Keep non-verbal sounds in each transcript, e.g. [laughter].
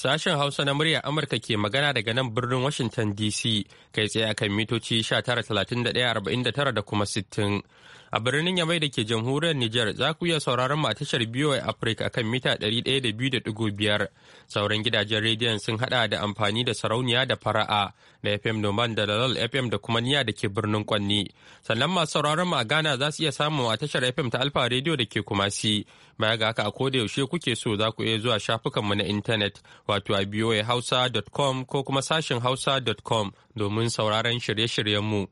Sashen Hausa na murya Amurka ke magana daga nan birnin Washington DC kai tsaye akan mitoci tara da kuma 60. A birnin Yamai da ke jamhuriyar Nijar za ku iya sauraron matashar BOA Africa kan mita ɗari da biyu biyar. Sauran gidajen rediyon sun haɗa da amfani da sarauniya da fara'a da FM Noman da Lalal FM da kuma niya da ke birnin Kwanni. Sannan masu sauraron mu a Ghana za su iya samun matashar FM ta Alfa Radio da ke Kumasi. Baya ga haka a koda yaushe kuke so za ku iya zuwa shafukanmu na intanet wato a com ko kuma sashin com domin sauraron shirye-shiryenmu. mu.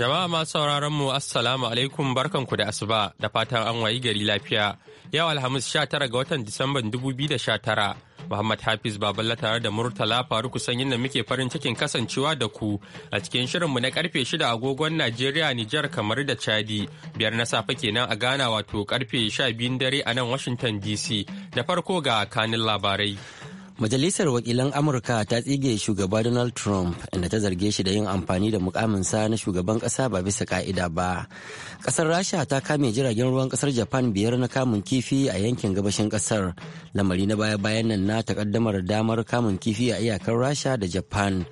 Jama'a masu sauraron mu Assalamu alaikum barkanku da asuba da fatan an wayi gari lafiya. Yau Alhamis 19 ga watan Disamban 2019 Muhammad Hafiz Baballa tare da Murtala Faruku sanyin da muke farin cikin kasancewa da ku a cikin shirinmu na karfe 6 agogon Najeriya, Nijar, kamar da Chadi. Biyar na safe kenan a Ghana wato karfe 12 dare a nan Washington DC. Da farko ga kanin labarai. Majalisar Wakilan Amurka ta tsige shugaba Donald Trump inda ta zarge shi da yin amfani da mukaminsa na shugaban kasa ba bisa ka'ida ba. Kasar Rasha ta kame jiragen ruwan kasar Japan biyar na kamun kifi a yankin gabashin kasar. Lamari na baya-bayan nan na takaddamar damar kamun kifi a iyakar Rasha da Japan.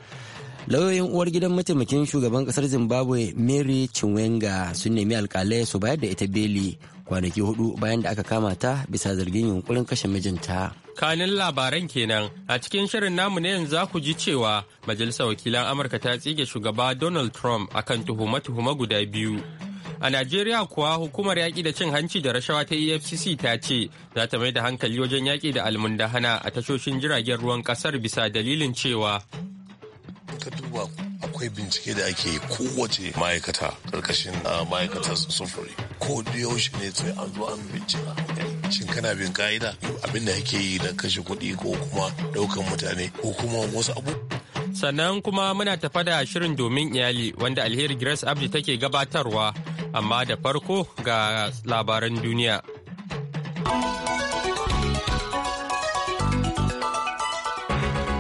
lauyoyin uwar gidan mataimakin shugaban kasar zimbabwe mary chinwenga sun nemi alkalai su bayar da ita beli kwanaki hudu bayan da aka kama ta bisa zargin yunkurin kashe mijinta. kanin labaran kenan a cikin shirin namu ne yanzu za ku ji cewa majalisar wakilan amurka ta tsige shugaba donald trump akan tuhume-tuhume guda biyu a najeriya kuwa hukumar yaƙi da cin hanci da rashawa ta efcc ta ce za ta mai da hankali wajen yaƙi da almundahana a tashoshin jiragen ruwan ƙasar bisa dalilin cewa ka akwai bincike da ake kowace ma'aikata ƙarƙashin ah, ma'aikatar sufuri ko da yaushe ne sai an zo an bincika shin kana bin ka'ida abin da yake yi don kashe kuɗi ko kuma ɗaukan mutane ko kuma wasu abu sannan kuma muna tafa da shirin domin iyali wanda alheri grace abdi take gabatarwa amma da farko ga labaran duniya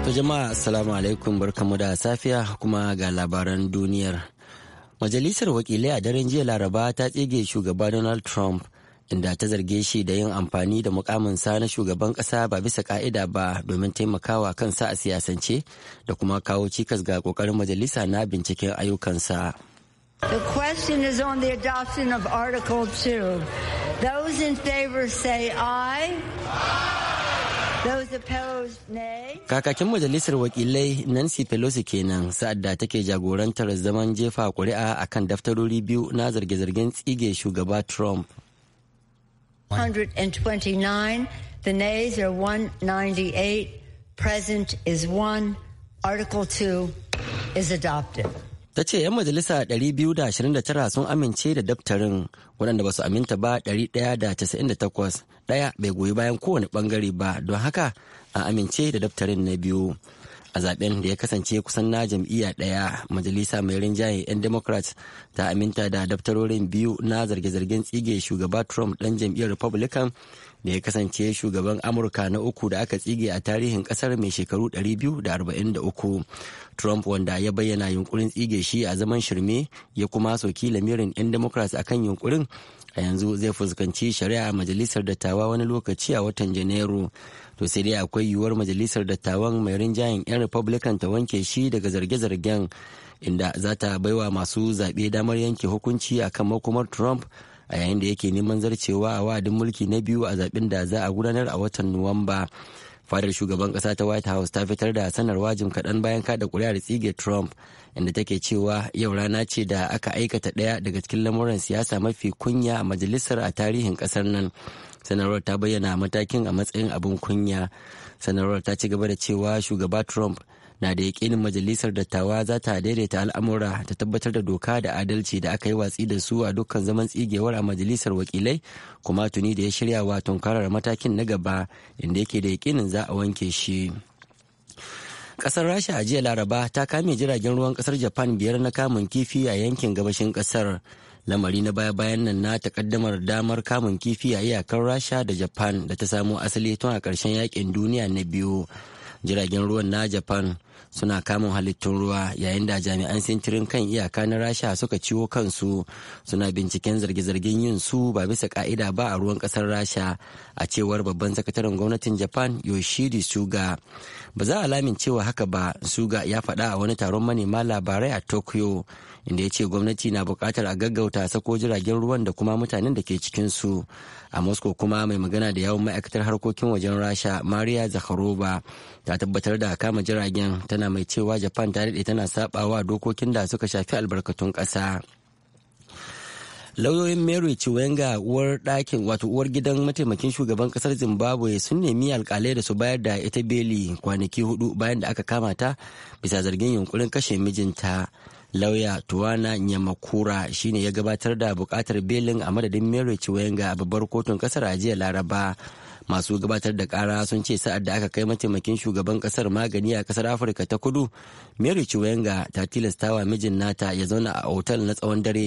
Ta jama'a assalamu alaikum barkamu da safiya kuma ga labaran duniyar. Majalisar wakilai a daren jiya laraba ta tsige shugaba Donald Trump inda ta zarge shi da yin amfani da mukaminsa na shugaban kasa ba bisa ka'ida ba domin taimakawa kansa a siyasance da kuma kawo cikas ga ƙoƙarin majalisa na binciken ayyukansa. The question is on the adoption of Article 2. Those in favor say aye. Kakakin Majalisar Wakilai Nancy Pelosi kenan sa'ad da take jagorantar zaman jefa kuri'a akan daftarori biyu na zarge-zargen tsige shugaba Trump. 129. The nays are 198. Present is 1. Article 2 is adopted. ta ce 'yan majalisa 229 sun amince da daftarin waɗanda ba su aminta ba 198 ɗaya bai goyi bayan kowane ɓangare ba don haka a amince da daftarin na biyu a zaben da ya kasance kusan na jam'iyya ɗaya majalisa mai rinjaye 'yan democrat ta aminta da daftarorin biyu na zarge-zargen tsige shugaba trump dan jam'iyyar republican da ya kasance shugaban amurka na uku da aka tsige a tarihin kasar mai shekaru 243 trump wanda ya bayyana yunkurin tsige shi a zaman shirme ya kuma soki lamirin 'yan democrat akan yunkurin a yanzu zai fuskanci shari'a a majalisar dattawa wani lokaci a watan janairu to sai dai akwai yiwuwar majalisar dattawan mai rinjayen 'yan republican ta wanke shi daga zarge-zargen inda za ta baiwa masu zaɓe damar yanke hukunci a kan makomar trump a yayin da yake neman zarcewa a wa'adin mulki na biyu a zaɓen da za a gudanar a watan nuwamba. fadar shugaban kasa ta white house ta fitar da sanarwa jim kaɗan bayan kada kuri'ar tsige trump inda take cewa yau rana ce da aka aikata ɗaya daga cikin lamuran siyasa mafi kunya a majalisar a tarihin ƙasar nan sanarwar ta bayyana matakin a matsayin abin kunya sanarwar ta ci gaba da cewa shugaba trump na da yakinin majalisar dattawa za ta daidaita al'amura ta tabbatar da doka da adalci da aka yi watsi da su a dukkan zaman tsigewar a majalisar wakilai kuma tuni da ya shirya wa tunkarar matakin na gaba inda yake da yakinin za a wanke shi ƙasar rasha a jiya laraba ta kame jiragen ruwan ƙasar japan biyar na kamun kifi a yankin gabashin ƙasar lamari na baya-bayan nan na takaddamar damar kamun kifi a iyakar rasha da japan da ta samo asali tun a ƙarshen yaƙin duniya na biyu jiragen ruwan na japan suna kamun halittun ruwa yayin da jami'an sintirin kan iyaka na rasha suka ciwo kansu suna binciken zarge-zargen yin su ba bisa ka'ida ba a ruwan kasar rasha a cewar babban sakataren gwamnatin japan yoshidi suga ba za a lamin cewa haka ba suga ya faɗa a wani taron manema labarai a tokyo inda ya ce gwamnati na buƙatar a gaggauta sako jiragen ruwan da kuma mutanen da ke cikin su a moscow kuma mai magana da yawon ma'aikatar harkokin wajen rasha maria zakharova ta tabbatar da kama jiragen tana mai cewa japan ta daɗe tana sabawa dokokin da suka shafi albarkatun ƙasa lauyoyin mary chiwenga uwar ɗakin wato uwar gidan mataimakin shugaban ƙasar zimbabwe sun nemi alkalai da su bayar da ita beli kwanaki hudu bayan da aka kama ta bisa zargin yunkurin kashe mijinta lauya tuwana nyamakura shine ya gabatar da bukatar belin a madadin mary chiwenga a babbar kotun ƙasar a jiya laraba masu gabatar da kara sun ce sa'ad da aka kai mataimakin shugaban kasar magani a kasar afirka ta kudu mary chiwenga ta tilastawa mijin nata ya zauna a otal na tsawon dare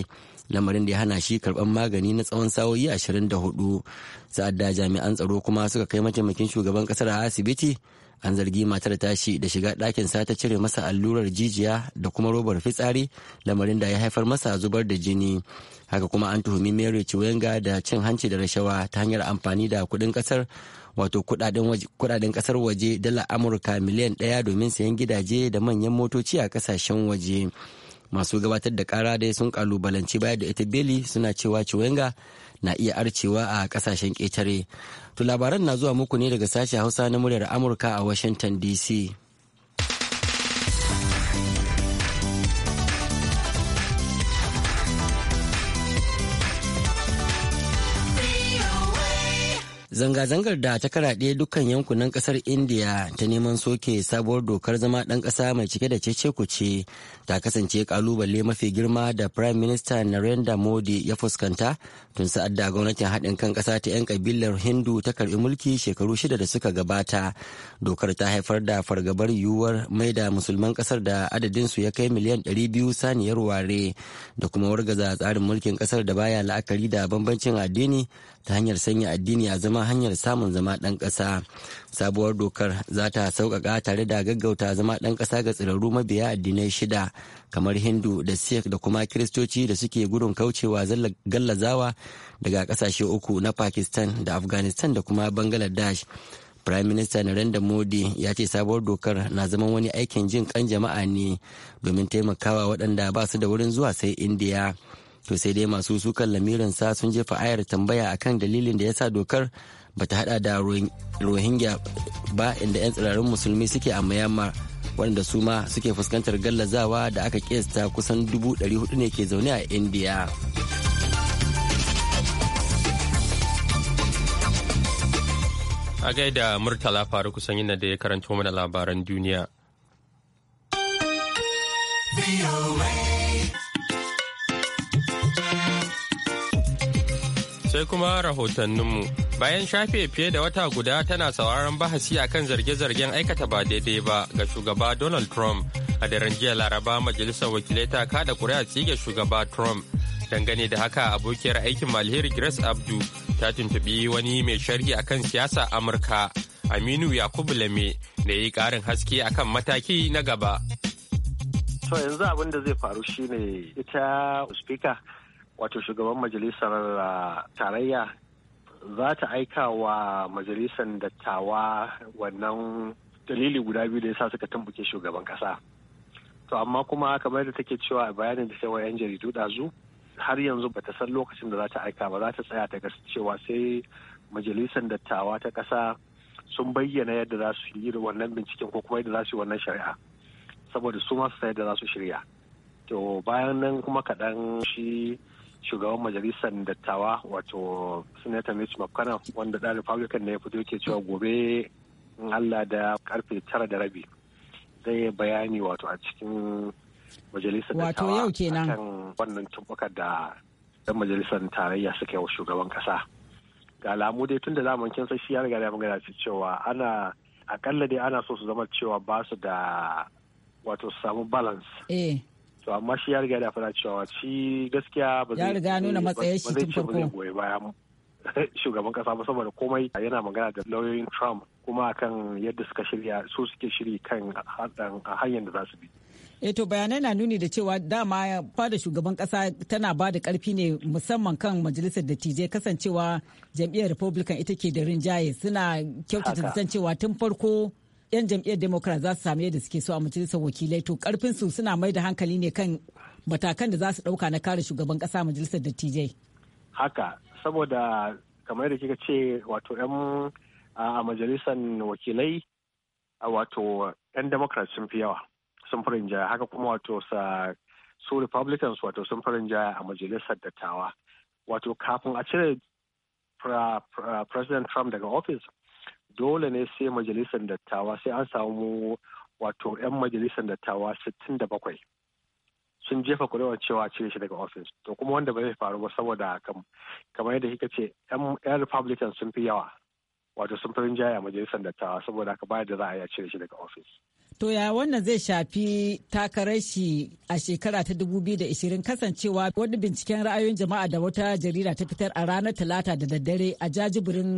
lamarin da ya hana shi karban magani na tsawon sa'o'i 24 sa'ad da jami'an tsaro kuma suka kai mataimakin shugaban kasar a asibiti an zargi matar tashi da shiga ɗakinsa ta cire masa allurar jijiya da kuma robar fitsari lamarin da ya haifar masa zubar da jini haka kuma an tuhumi mary chiwenga da cin hanci da rashawa ta hanyar amfani da kuɗin ƙasar wato kudaden kasar waje dala amurka miliyan ɗaya domin sayan gidaje da manyan motoci a ƙasashen waje. masu gabatar da kara dai sun kalubalanci baya da ita beli suna cewa ciwenga na iya arcewa a kasashen ƙetare to labaran na zuwa muku ne daga sashen hausa na muryar amurka a washington dc Zanga-zangar da ta karaɗe dukkan yankunan ƙasar Indiya ta neman soke sabuwar dokar zama ɗan ƙasa mai cike da cece ce ta kasance ƙalubale mafi girma da Prime Minister Narendra Modi ya fuskanta tun sa'ad da gwamnatin haɗin kan ƙasa ta 'yan ƙabilar Hindu ta karɓi mulki shekaru shida da suka gabata. Dokar ta haifar da fargabar yiwuwar mai da musulman ƙasar da adadin su ya kai miliyan 200 saniyar ware da kuma wargaza tsarin mulkin ƙasar da baya la'akari da bambancin addini ta hanyar sanya addini a zama zama hanyar samun zama ɗan ƙasa sabuwar dokar za ta sauƙaƙa tare da gaggauta zama ɗan ƙasa ga tsirarru mabiya addinai shida kamar hindu da sikh da kuma kiristoci da suke gudun kaucewa gallazawa daga ƙasashe uku na pakistan da afghanistan da kuma bangladesh Prime Minister Narendra Modi ya ce sabuwar dokar na zama wani aikin jin kan jama'a ne domin taimakawa waɗanda ba su da wurin zuwa sai Indiya. to sai dai masu sukan lamirin sa sun jefa ayar tambaya akan dalilin da ya sa dokar ba ta hada da rohingya ba inda 'yan tsirarin musulmi suke a myanmar wanda su ma suke fuskantar gallazawa da aka kesta kusan 400 ne ke zaune a indiya a gaida murtala faru kusan yana da ya karanto mana labaran duniya. sai kuma rahotanninmu. Bayan shafe fiye da wata guda tana sauraron bahasi akan zarge-zargen aikata ba daidai ba ga shugaba Donald Trump a daren jiya Laraba majalisar wakilai ta kada kuri'a tsige shugaba Trump. Dangane da haka abokiyar aikin Malheri Grace Abdu ta tuntubi wani mai sharhi akan siyasa Amurka Aminu Yakubu Lame da yi ƙarin haske akan mataki na gaba. To yanzu abin da zai faru shine ita speaker wato shugaban majalisar ah, tarayya za ta aika wa majalisar dattawa wannan dalili guda biyu da ya sa suka tambuke shugaban kasa to amma kuma kamar da take cewa a bayanin da sai yan jaridu dazu har yanzu ba ta san lokacin da za ta aika ba za ta tsaya ta gasa cewa sai majalisar dattawa ta kasa sun bayyana yadda za su yi wannan binciken ko kuma yadda za su yi wannan shari'a saboda su masu sayar da za su shirya to bayan nan kuma kaɗan shi shugaban majalisar dattawa wato senator mitch mcconnell wanda da republican ne ya fito ke cewa gobe in allah da karfe tara da rabi zai yi bayani wato a cikin majalisar wato yau kenan wannan tumbukar da dan majalisar tarayya suka yi wa shugaban kasa ga alamu dai tun da zamu kin shi ya riga da magana cewa ana akalla dai ana so su zama cewa ba su da wato su samu balance eh. to amma shi ya riga da fara cewa shi gaskiya ba zai riga nuna matsayin shi tun farko goyi bayan [laughs] shugaban kasa ba saboda komai yana magana da lauyoyin Trump kuma kan yadda suka shirya su suke shiri kan hanyar da za su bi eh to bayanai na nuni da cewa dama fada shugaban kasa tana ba da karfi ne musamman kan majalisar dattijai kasancewa jam'iyyar republican ita ke da rinjaye suna kyautata cewa tun farko 'yan jam'iyyar democrat za su sami yadda suke so a majalisar wakilai to karfin su suna mai da hankali ne kan matakan da za su dauka na kare shugaban kasa majalisar dattijai haka saboda kamar da kika ce wato 'yan a majalisar wakilai wato 'yan democrat sun fi yawa sun fi jaya haka kuma wato sa su republicans wato sun fi jaya a majalisar dattawa wato kafin a cire president trump daga office dole ne sai majalisar dattawa sai an samu wato 'yan majalisar dattawa 67 sun jefa kuri'ar cewa cire shi daga ofis to kuma wanda bai faru ba saboda kamar yadda kika ce 'yan republican sun fi yawa wato sun fi majalisar dattawa saboda haka bayar da za a iya cire shi daga ofis To ya wannan zai shafi takarar shi a shekara ta 2020 kasancewa wani binciken ra'ayoyin jama'a da wata jarida ta fitar a ranar talata da daddare a jajibirin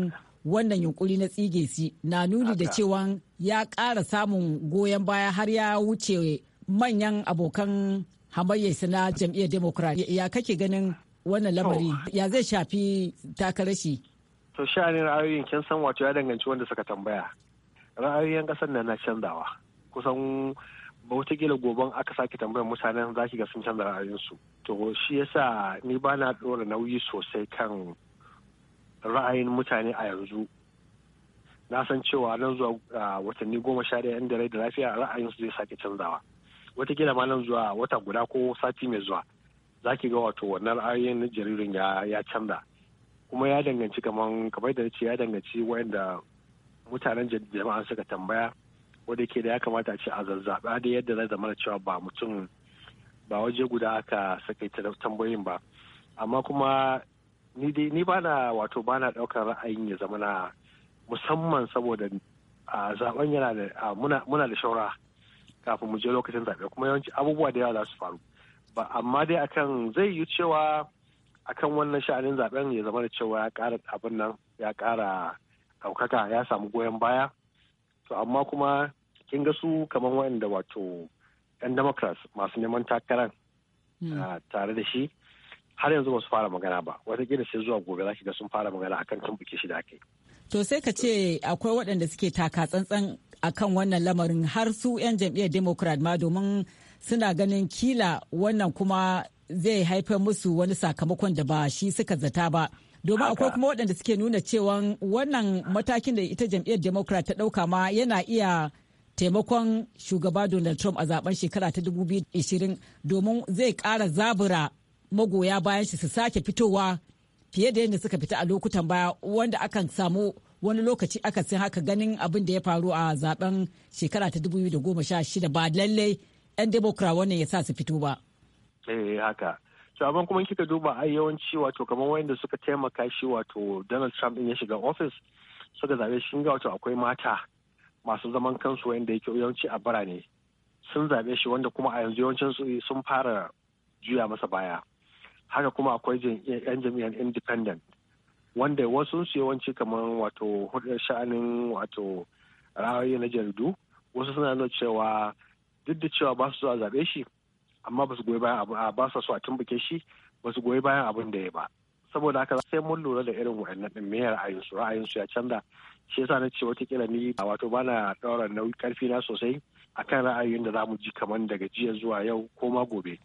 wannan yunkuri na tsige si na nuni da cewa ya kara samun goyon baya har ya wuce manyan abokan hamayyarsa na jam'iyyar democrat ya kake ganin wannan lamari ya zai shafi takarar shi to ne ra'ayoyin kin san wato ya danganci wanda suka tambaya ra'ayoyin kasar nan na canzawa kusan ba wataƙila gobe aka sake tambayar mutanen zaki ga sun canza ra'ayinsu to shi yasa ni ba na ɗora nauyi sosai kan ra'ayin mutane a yanzu na san cewa nan zuwa watanni goma sha ɗaya inda rai da lafiya ra'ayin su zai sake canzawa watakila ma nan zuwa wata guda ko sati mai zuwa za ki ga wato wannan ra'ayin na jaririn ya canza kuma ya danganci kamar kamar da ce ya danganci wayanda mutanen jama'a suka tambaya wanda ke da ya kamata a ce a zazzaɓa da yadda zai zama cewa ba mutum ba waje guda aka saka tambayoyin ba amma kuma ni dai ni bana wato na ɗaukar ra'ayin ya zama na musamman saboda a zaben yana da muna da shaura kafin mu je lokacin zaɓe kuma yawanci abubuwa da yawa za su faru ba amma dai akan zai yi cewa akan wannan sha'anin zaben ya zama da cewa ya ƙara abin nan ya ƙara ɗaukaka ya samu goyon baya to amma kuma kin ga su kamar waɗanda wato 'yan democrats masu neman takarar hmm. tare da shi har yanzu ba su fara magana ba wataƙila sai zuwa gobe za ki ga sun fara magana akan tumbuke shi da ake. to sai ka ce akwai waɗanda suke taka tsantsan akan wannan lamarin har su 'yan jam'iyyar democrat ma domin suna ganin kila wannan kuma zai haifar musu wani sakamakon da ba shi suka zata ba domin akwai kuma waɗanda suke nuna cewa wannan matakin da ita jam'iyyar democrat ta ɗauka ma yana iya taimakon shugaba donald trump a zaben shekara ta 2020 domin zai ƙara zabura magoya bayan shi su sake fitowa fiye da yadda suka fita a lokutan baya wanda akan samu wani lokaci aka sai haka ganin abin da ya faru a zaben shekara ta 2016 ba lallai 'yan demokra wannan ya sa su fito ba. Eh haka. to amma kuma kika duba ai yawanci wato kamar wanda suka taimaka shi wato Donald Trump din ya shiga office suka zabe shi ga wato akwai mata masu zaman kansu wanda yake yawanci a birane sun zabe shi wanda kuma a yanzu yawancin sun fara juya masa baya haka kuma akwai eh, yan jami'an independent wanda wasu su yawanci kamar wato hudar sha'anin wato ra'ayi na jaridu wasu suna nuna cewa duk da cewa ba su zuwa zaɓe shi amma ba su goyi bayan abu ba su a tumbuke shi ba su goyi bayan abin da ya ba saboda haka sai mun lura da irin wa'annan din me ra'ayinsu ra'ayinsu ya canza shi yasa na ce watakila ni wato bana ɗaura nauyi karfi na sosai akan ra'ayoyin da za mu ji kamar daga jiya zuwa yau ko ma gobe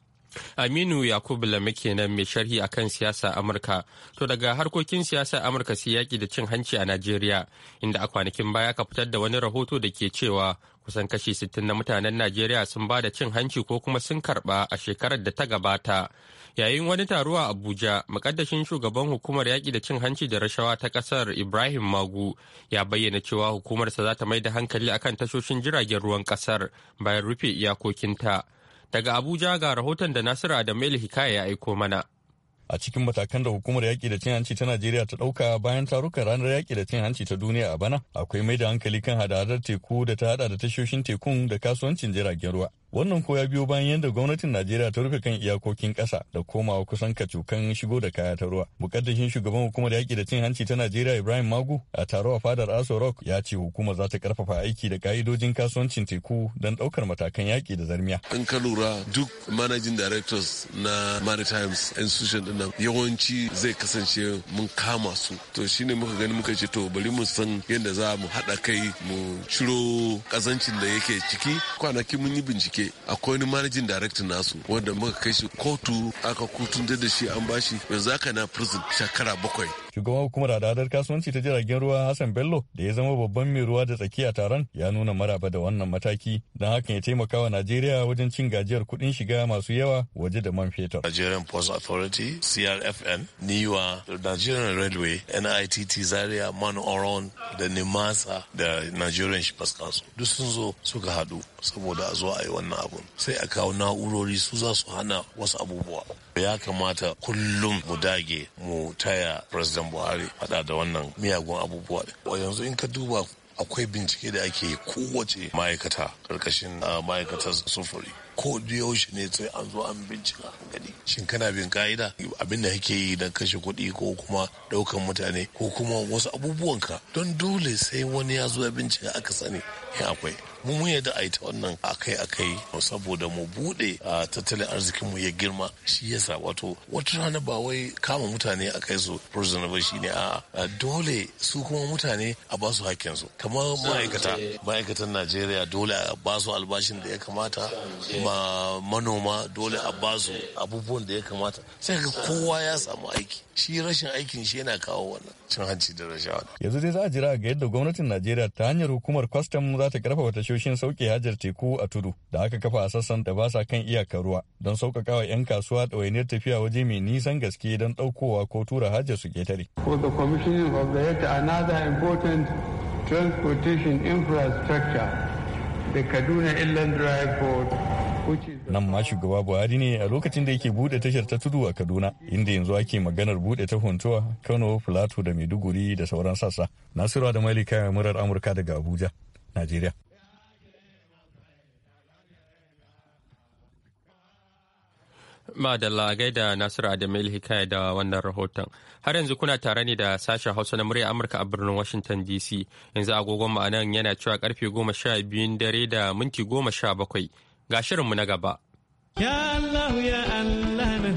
Aminu Yakubu Lame kenan mai sharhi akan siyasa Amurka. To daga harkokin siyasa Amurka sai yaƙi da cin hanci a Najeriya, inda a kwanakin baya ka fitar da wani rahoto da ke cewa kusan kashi sittin na mutanen Najeriya sun ba da cin hanci ko kuma sun karɓa a shekarar da ta gabata. Yayin wani taro a Abuja, makaddashin shugaban hukumar yaƙi da cin hanci da rashawa ta ƙasar Ibrahim Magu ya bayyana cewa hukumarsa za ta mai da hankali akan tashoshin jiragen ruwan ƙasar bayan rufe iyakokinta. Daga Abuja ga rahoton da Nasiru Adamel Hikaya ya aiko mana. a cikin matakan da hukumar yaƙi da cin hanci ta Najeriya ta ɗauka bayan tarukan ranar yaƙi da cin hanci ta duniya a bana akwai mai da hankali kan hada-hadar teku da ta hada da tashoshin tekun da kasuwancin jiragen ruwa. Wannan ko ya biyo bayan yadda gwamnatin Najeriya ta rufe kan iyakokin kasa da komawa kusan kacukan shigo da kaya ta ruwa. Mukaddashin shugaban hukumar yaƙi da cin hanci ta Najeriya Ibrahim Magu a taro a fadar Aso Rock ya ce hukumar za ta karfafa aiki da ka'idojin kasuwancin teku don ɗaukar matakan yaƙi da zarmiya. In ka lura duk managing directors na maritime institution din nan yawanci zai kasance mun kama su. To shine muka gani muka ce to bari mu san yadda za mu haɗa kai mu ciro kazancin da yake ciki. Kwanaki mun yi bincike bincike akwai wani managing director nasu wanda muka kai shi kotu aka kutun da shi an bashi yanzu aka na prison shekara bakwai Shugaban hukumar hadadar kasuwanci ta jiragen ruwa Hassan Bello da ya zama babban mai ruwa da tsakiya taron ya nuna maraba da wannan mataki don hakan ya taimaka wa Najeriya wajen cin gajiyar kuɗin shiga masu yawa waje da man fetur. Nigerian post Authority, CRFN, NIWA, Nigerian Railway, NITT Zaria, Man Oron da Nimasa da Nigerian Shippers Council duk sun zo suka haɗu saboda a zo a yi wannan abun sai a kawo na'urori su za su hana wasu abubuwa. ya kamata kullum mu dage mu taya president buhari hada da wannan miyagun abubuwa yanzu in ka duba akwai bincike da ake kowace ma'aikata karkashin. Ah, ma'aikatar sufuri ko yaushe ne sai an zo an bincika gani shin kana bin ka'ida abin da kake yi don kashe kuɗi ko kuma ɗaukan mutane ko kuma wasu abubuwanka don dole sai wani ya zo ya bincika aka sani ya akwai mu mun yadda a yi ta wannan akai-akai saboda mu bude a tattalin arzikin mu ya girma shi yasa wato wata rana ba wai kama mutane a kai su prisoner ba shine a dole su kuma mutane a ba su hakkin su kamar ma'aikata ma'aikatan Najeriya dole a ba su albashin da ya kamata ma manoma dole a basu abubuwan da ya kamata sai ka kowa ya samu aiki shi rashin aikin shi yana kawo wannan cin hanci da rashawa yanzu dai za a jira ga yadda gwamnatin najeriya ta hanyar hukumar kwastam za ta karfafa tashoshin sauke hajar teku a tudu da aka kafa a sassan da ba sa kan iyakar ruwa don sauƙaƙawa 'yan kasuwa ɗawainiyar tafiya waje mai nisan gaske don ɗaukowa ko tura hajar su ƙetare. for the commissioning of the yet another important transportation infrastructure the kaduna inland drive port Nan ma shugaba Buhari ne a lokacin da yake bude tashar ta tudu a Kaduna, inda yanzu ake maganar bude ta Huntuwa, Kano, Filato da Maiduguri da sauran sassa. Nasiru da Malika murar Amurka daga Abuja, Najeriya. Madalla gaida Nasiru Adamil Hikaya da wannan rahoton. Har yanzu kuna tare ne da sashen Hausa na murya Amurka a birnin Washington DC. Yanzu agogon ma'anan yana cewa karfe goma sha biyun dare da minti goma sha bakwai ga shirinmu na gaba. Ya Allah ya Allah na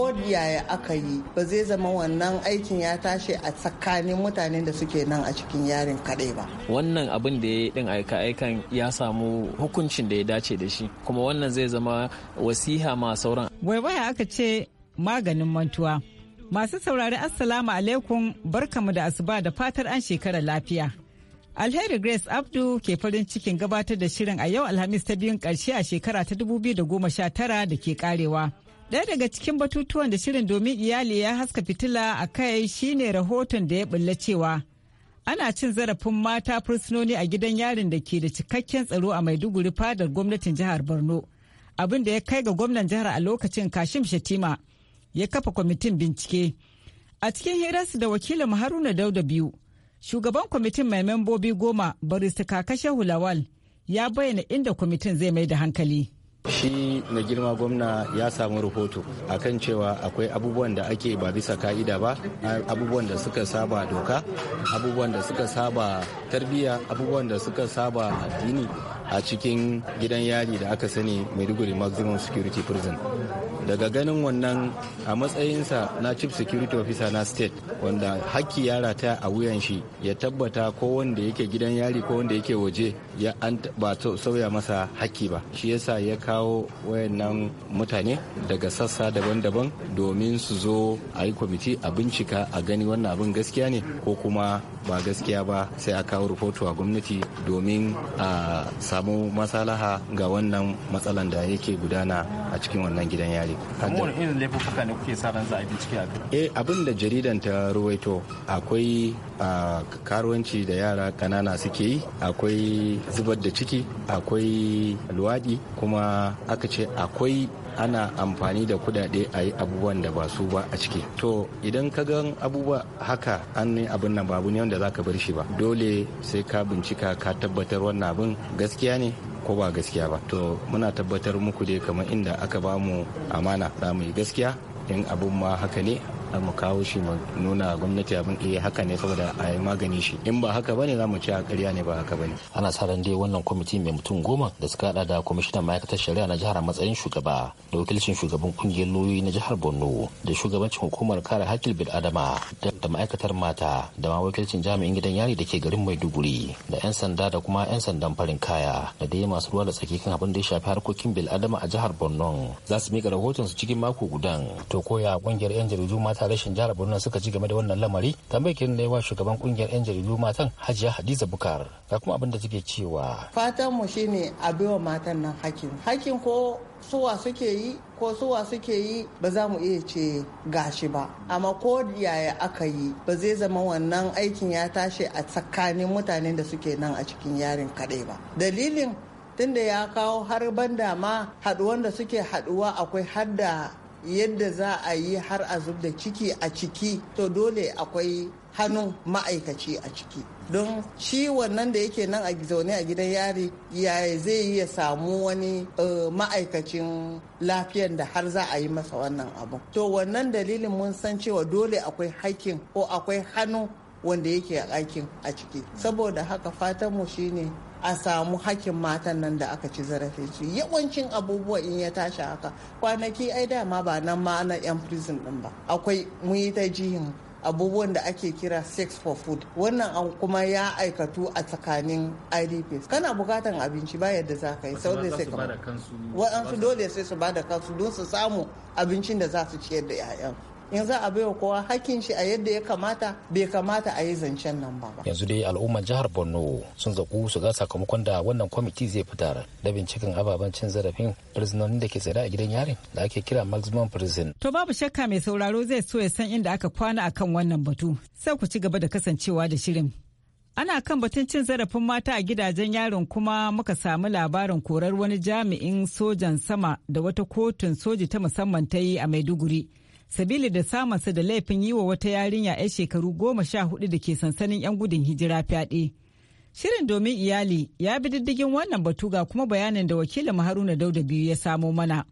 ko yaya aka yi ba zai zama wannan aikin ya tashi a tsakanin mutanen da suke nan a cikin yarin kaɗai ba wannan abin da ya din aika aikan ya samu hukuncin da ya dace da shi kuma wannan zai zama wasiha ma sauran waiwaya aka ce maganin mantuwa masu saurari assalamu alaikum barkamu da asuba da fatar an shekara lafiya Alheri Grace Abdu ke farin cikin gabatar da shirin a yau Alhamis ta biyun karshe a shekara ta 2019 da ke karewa. Daya daga cikin batutuwan da shirin domin iyali ya haska fitila a kai shine rahoton da ya bulla cewa ana cin zarafin mata fursunoni a gidan yarin da ke da cikakken tsaro a Maiduguri fadar gwamnatin jihar Borno. Abin da ya kai ga gwamnan jihar a lokacin Kashim Shatima ya kafa kwamitin bincike. A cikin hirarsu da wakilin Haruna Dauda biyu, shugaban kwamitin mai membobi goma Barista Kakashe Hulawal ya bayyana inda kwamitin zai mai da hankali. Shi na girma gwamna ya samu rahoto akan cewa akwai abubuwan da ake ba bisa ka'ida ba, abubuwan da suka saba doka, abubuwan da suka saba tarbiyya, abubuwan da suka saba addini a cikin gidan yari da aka sani Maiduguri Maximum Security Prison. daga ganin wannan a matsayinsa na chief security officer na state wanda hakki ya rata a wuyan shi ya tabbata ko wanda yake gidan yari ko wanda yake waje ya an ba sauya masa hakki ba shi yasa ya kawo wayannan mutane daga sassa daban-daban domin su zo a yi kwamiti a bincika a gani wannan abin gaskiya ne ko kuma ba gaskiya ba sai a kawo rahoto a gwamnati domin a samu masalaha ga wannan matsalan da yake gudana a cikin wannan gidan yari kamar wani irin laifuka ne kuke sa ran za a a eh abin da jaridan ta ruwaito akwai karuwanci da yara kanana suke yi akwai zubar da ciki akwai luwaɗi kuma aka ce akwai ana amfani da kudade a yi abubuwan da ba su ba a ciki to idan ka gan abubuwa haka an ne abin nan babu ne wanda za ka bar shi ba dole sai ka bincika ka tabbatar wannan abin gaskiya ne ko ba gaskiya ba to muna tabbatar muku dai kamar inda aka bamu amana za mu yi gaskiya in abun ma haka ne mu kawo shi mu nuna gwamnati abin iya eh, haka ne saboda a yi magani shi in ba haka bane za mu ci a karya ne ba haka bane ana sa ran dai wannan kwamiti mai mutum goma da suka hada da kwamishinan ma'aikatar shari'a na jihar a matsayin shugaba da wakilcin shugaban kungiyar loyoyi na jihar borno da shugabancin hukumar kare hakkin bil adama da ma'aikatar mata da ma wakilcin jami'in gidan yari da ke garin maiduguri da 'yan sanda da kuma 'yan sandan farin kaya da dai masu ruwa da tsaki kan abin da ya shafi harkokin bil adama a jihar borno za su mika rahoton su cikin mako gudan to koya kungiyar 'yan jaridu mata rashin jihar borno suka ji game da wannan lamari tambayar kin ne wa shugaban kungiyar yan jaridu matan hajiya hadiza bukar ga kuma abin da take cewa fatan mu shine a baiwa matan nan hakin hakin ko suwa suke yi ko suwa suke yi ba za mu iya ce gashi ba amma ko yaya aka yi ba zai zama wannan aikin ya tashi a tsakanin mutanen da suke nan a cikin yarin kaɗai ba dalilin tunda ya kawo har banda ma haɗuwan da suke haɗuwa akwai hadda yadda za a yi har a zub da ciki a ciki to dole akwai hannun ma'aikaci a ciki don shi wannan da yake nan a zaune a gidan yari ya zai yi ya samu wani eh, ma'aikacin lafiyan da har za a yi masa wannan abu to wannan dalilin mun san cewa dole akwai haƙƙin ko akwai hannu wanda yake aikin a ciki saboda haka fatanmu shine a samu hakkin matan nan da aka ci zarafin su yawancin abubuwa in ya tashi haka kwanaki ai dama ba nan ma na yan prison din ba akwai muyi ta jihin abubuwan da ake kira sex for food wannan kuma ya aikatu a tsakanin idps kana bukatan abinci ba yadda za ka yi sau da sai kamar waɗansu dole sai su ba da kansu don su samu abincin da za su ciyar da 'ya'yan in za a baiwa kowa hakkin shi a yadda ya kamata bai kamata a yi zancen nan ba yanzu dai al'ummar jihar borno sun zaku su ga sakamakon da wannan kwamiti zai fitar da binciken ababen cin zarafin prisonin da ke tsaye a gidan yarin da ake kira maximum prison to babu shakka mai sauraro zai so ya san inda aka kwana akan wannan batu sai ku ci gaba da kasancewa da shirin ana kan batun cin zarafin mata a gidajen yarin kuma muka samu labarin korar wani jami'in sojan sama da wata kotun soji ta musamman ta yi a maiduguri sabili da samansa da laifin yi wa wata yarinya 'yar shekaru goma sha hudu da ke sansanin 'yan gudun hijira fyaɗe. Shirin domin iyali ya bi diddigin wannan batu ga kuma bayanin da wakilin Haruna Dauda biyu ya samo mana.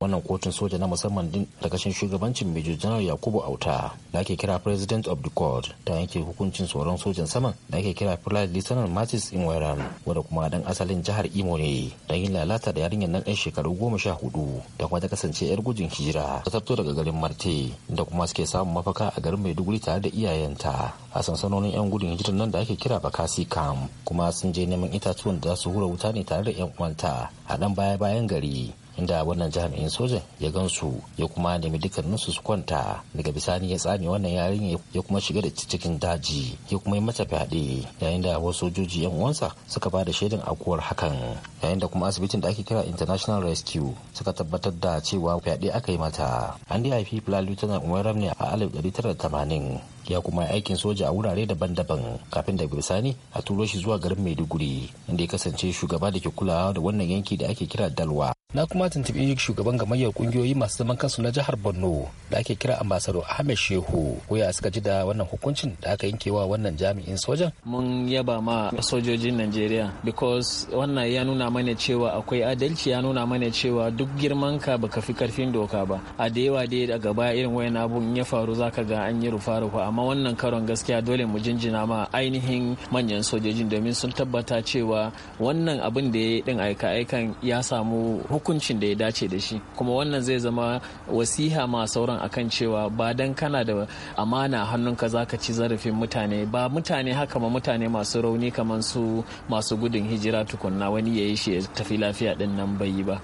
wannan kotun soja na musamman din karkashin shugabancin major general yakubu auta da ake kira president of the court ta yanke hukuncin tsoron sojan saman da ake kira flight lieutenant matis inwaran wanda kuma dan asalin jihar imo ne don yin lalata da yarinyar nan yan shekaru goma sha hudu da kuma ta kasance yar gujin hijira ta tafto daga garin marte da kuma suke samun mafaka a garin maiduguri tare da iyayenta a sansanonin yan gudun hijirar nan da ake kira bakasi camp kuma sun je neman itatuwan da za su hura wuta ne tare da yan uwanta a dan baya bayan gari inda wannan jami'in sojan ya gansu ya kuma nemi dukkanin su su kwanta daga bisani ya tsame wannan yarinya ya kuma shiga da cikin daji ya kuma yi mata fyaɗe yayin da wasu sojoji yan uwansa suka ba da shaidan akuwar hakan yayin da kuma asibitin da ake kira international rescue suka tabbatar da cewa fyaɗe aka yi mata an da haifi fulani lieutenant umar ne a alif ɗari tara da tamanin ya kuma yi aikin soja a wurare daban-daban kafin da bisani a turo shi zuwa garin maiduguri inda ya kasance shugaba da ke kulawa da wannan yanki da ake kira dalwa na kuma tuntuɓi shugaban gamayyar kungiyoyi masu zaman kansu na jihar borno da ake kira ambasado ahmed shehu ko ya suka ji da wannan hukuncin da aka yanke wa wannan jami'in sojan mun yaba ma sojojin najeriya because wannan ya nuna mana cewa akwai adalci ya nuna mana cewa duk girman ka baka fi karfin doka ba a da yawa dai daga baya irin wayan abun ya faru zaka ga an yi rufa rufa amma wannan karon gaskiya dole mu jinjina ma ainihin manyan sojojin domin sun tabbata cewa wannan abin da ya yi din aika aikan ya samu hukuncin da ya dace da shi kuma wannan zai zama wasiha ma sauran akan cewa ba dan kana da amana hannunka ka ci zarafin mutane ba mutane haka ma mutane masu rauni kamar su masu gudun hijira tukunna wani ya yi shi ya tafi lafiya din nan bai ba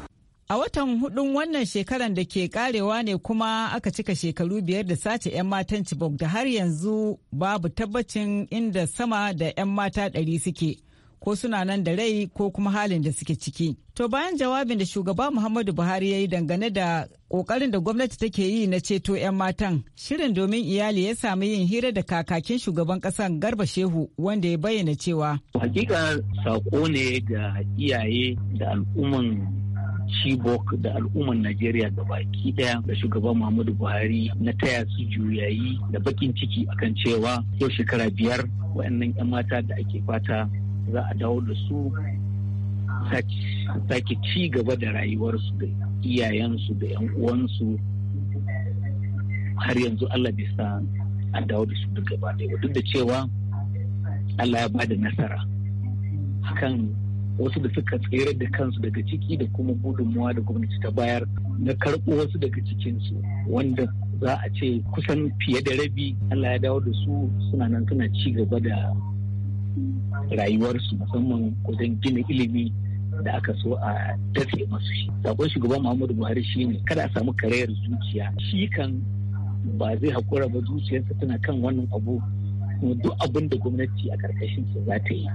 A watan hudun wannan shekaran da ke karewa ne kuma aka cika shekaru biyar da sace 'yan matan Chibok da har yanzu babu tabbacin inda sama da 'yan mata ɗari suke. ko suna nan da rai ko kuma halin da suke ciki. To bayan jawabin da shugaba Muhammadu Buhari ya yi dangane da kokarin da gwamnati take yi na ceto 'yan matan, shirin domin iyali ya sami yin hira da kakakin shugaban kasan Garba Shehu wanda ya bayyana cewa. Hakika sako ne ga iyaye da al'umman Chibok da al'umman Najeriya da baki daya da shugaban Muhammadu Buhari na taya su juyayi da bakin ciki akan cewa yau shekara biyar waɗannan 'yan mata da ake fata za a dawo da su sake ci gaba da rayuwarsu da iyayensu da 'yan uwansu har yanzu Allah bai sa a dawo da su duk gaba ɗaya duk da cewa Allah ya ba da nasara kan wasu da suka tsere da kansu daga ciki da kuma gudunmuwa da gwamnati ta bayar na karɓo wasu daga cikinsu wanda za a ce kusan fiye da rabi Allah ya dawo da su suna nan suna ci gaba da rayuwarsu musamman wajen gina ilimi da aka so a dafe masu shi sakon shugaban muhammadu buhari shi ne, kada a samu karayar zuciya shi kan ba zai haƙura ba zuciyarsa tana kan wannan abu kuma duk abin da gwamnati a ƙarƙashin su za ta yi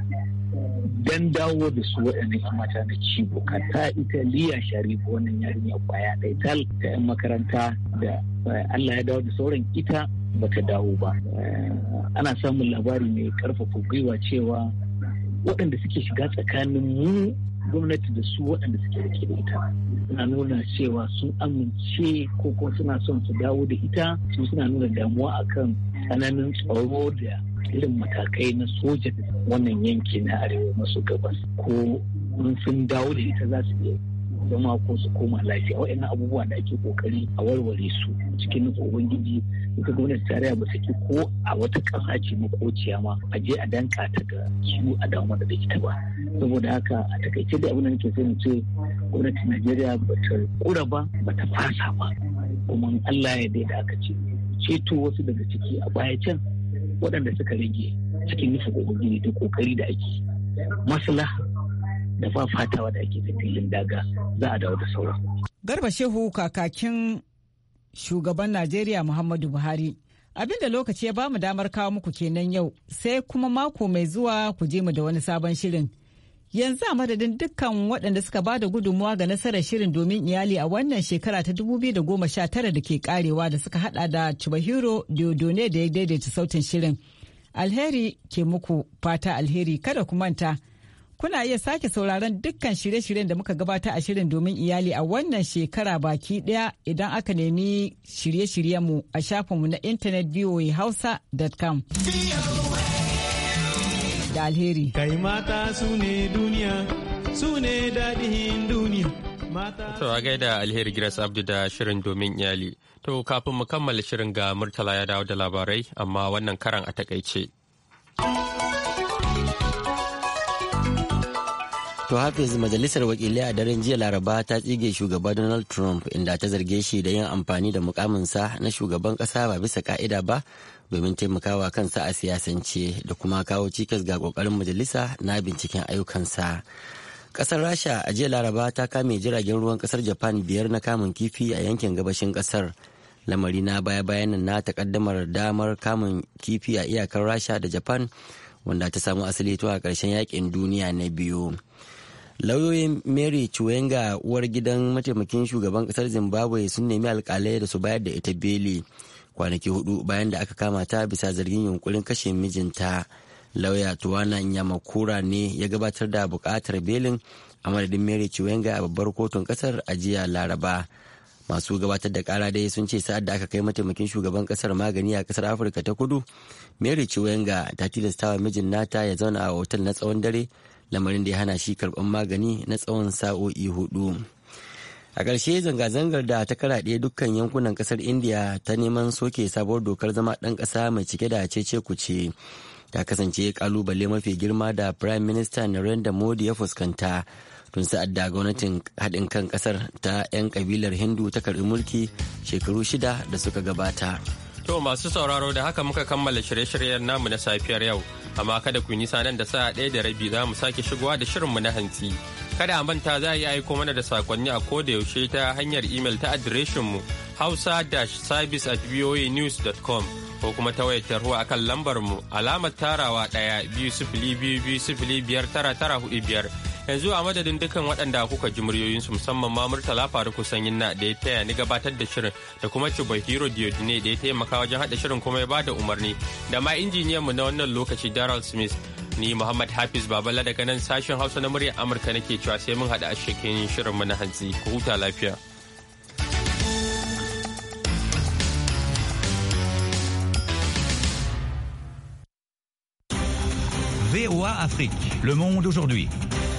don dawo da su waɗannan 'yan mata na cibo kanta italiya sharifu wannan yarinya kwaya da tal ta 'yan makaranta da eh, allah ya dawo da sauran ita ba ta dawo ba eh, ana samun labari mai karfafa gwiwa cewa waɗanda suke shiga tsakanin mu gwamnati da su waɗanda suke rike da ita suna nuna cewa sun amince ko kuma suna son su dawo da ita su suna nuna damuwa akan tsananin tsaro da irin matakai na soja wannan yanki na arewa masu gabas ko sun dawo da ita za su iya zama ko su koma lafiya waɗannan abubuwa da ake kokari a warware su cikin tsohon ubangiji ita gwamnati tarayya ba saki ko a wata ƙasa ce makociya ma a je a danka ta ga su a damar da ita ba saboda haka a takaice da abin da nake sai ce gwamnati najeriya ba ta kura ba ba ta fasa ba kuma Allah ya da aka ce ceto wasu daga ciki a baya can waɗanda suka rage cikin nufin ubangiji da kokari da ake masala da ba fatawa da ake filin daga za a dawo da sauran. Garba Shehu kakakin shugaban Najeriya Muhammadu Buhari. Abin da lokaci ya bamu damar kawo muku kenan yau sai kuma mako mai zuwa ku je mu da wani sabon shirin. Yanzu a madadin dukkan waɗanda suka ba da gudunmawa ga nasarar shirin domin iyali a wannan shekara ta 2019 da ke karewa da suka hada da Chibahiro Diodone da ya daidaita sautin shirin. Alheri ke muku fata alheri kada ku manta. Kuna iya sake sauraron dukkan shirye-shiryen da muka gabata a shirin domin iyali a wannan shekara baki daya idan aka nemi shirye-shiryenmu a shafinmu na intanet voahausa.com. da alheri. Kai mata su ne duniya, su ne daɗin duniya. To a gaida alheri Giras Abdu da shirin domin iyali. To kafin mu kammala shirin ga Murtala ya dawo da labarai amma wannan karan a takaice. To Hafiz Majalisar Wakilai a daren jiya Laraba ta tsige shugaba Donald Trump inda ta zarge shi da yin amfani da mukaminsa na shugaban kasa ba bisa ka'ida ba domin taimakawa kansa a siyasance da kuma kawo cikas ga kokarin majalisa na binciken ayyukansa kasar rasha a jiya laraba ta kame jiragen ruwan kasar japan biyar na kamun kifi a yankin gabashin kasar lamari na baya bayan nan na takaddamar damar kamun kifi a iyakar rasha da japan wanda ta samu asali tuwa a ƙarshen yakin duniya na biyu lauyoyin mary chuwenga uwar gidan mataimakin shugaban kasar zimbabwe sun nemi alkalai da su bayar da ita beli kwanaki hudu bayan da aka kama ta bisa zargin yunkurin kashe mijinta lauya tuwana nyamakura ne ya gabatar da bukatar belin a madadin mary chiwenga a babbar kotun kasar a jiya laraba masu gabatar da kara dai sun ce sa'ad da aka kai mataimakin shugaban kasar magani a kasar afirka ta kudu mary chiwenga ta tilasta wa mijin nata ya zauna a otal na tsawon dare lamarin da ya hana shi karban magani na tsawon sa'o'i hudu a ƙarshe zanga-zangar da ta karaɗe dukkan yankunan ƙasar india ta neman soke sabuwar dokar zama ɗan ƙasa mai cike da cece ce ta kasance kalubale mafi girma da prime minister narendra modi ya fuskanta tun sa'ad da gwamnatin haɗin kan ƙasar ta 'yan ƙabilar hindu ta karɓi mulki shekaru shida da suka gabata to masu sauraro da haka muka kammala shirye-shiryen namu na safiyar yau amma kada ku nisa nan da sa'a ɗaya da rabi za mu sake shigowa da shirinmu na hantsi Kada a manta za a yi aiko mana da sakonni a koda yaushe ta hanyar imel ta mu hausa-service at voanews.com ko kuma ta wayar tarho a kan mu alamar tarawa ɗaya biyu sifili biyu biyu sifili biyar tara tara hudu biyar yanzu a madadin dukkan waɗanda kuka ji muryoyinsu musamman ma murtala kusan sanyin na da ya taya ni gabatar da shirin da kuma cuba hero diodine da ya taimaka wajen haɗa shirin kuma ya bada umarni da ma injiniyan mu na wannan lokaci daryl smith ni muhammad hafiz babala daga nan sashen hausa na muryar amurka nake cewa sai mun haɗa a cikin shirin mu na hantsi ku huta lafiya. VOA Afrique. Le monde aujourd'hui.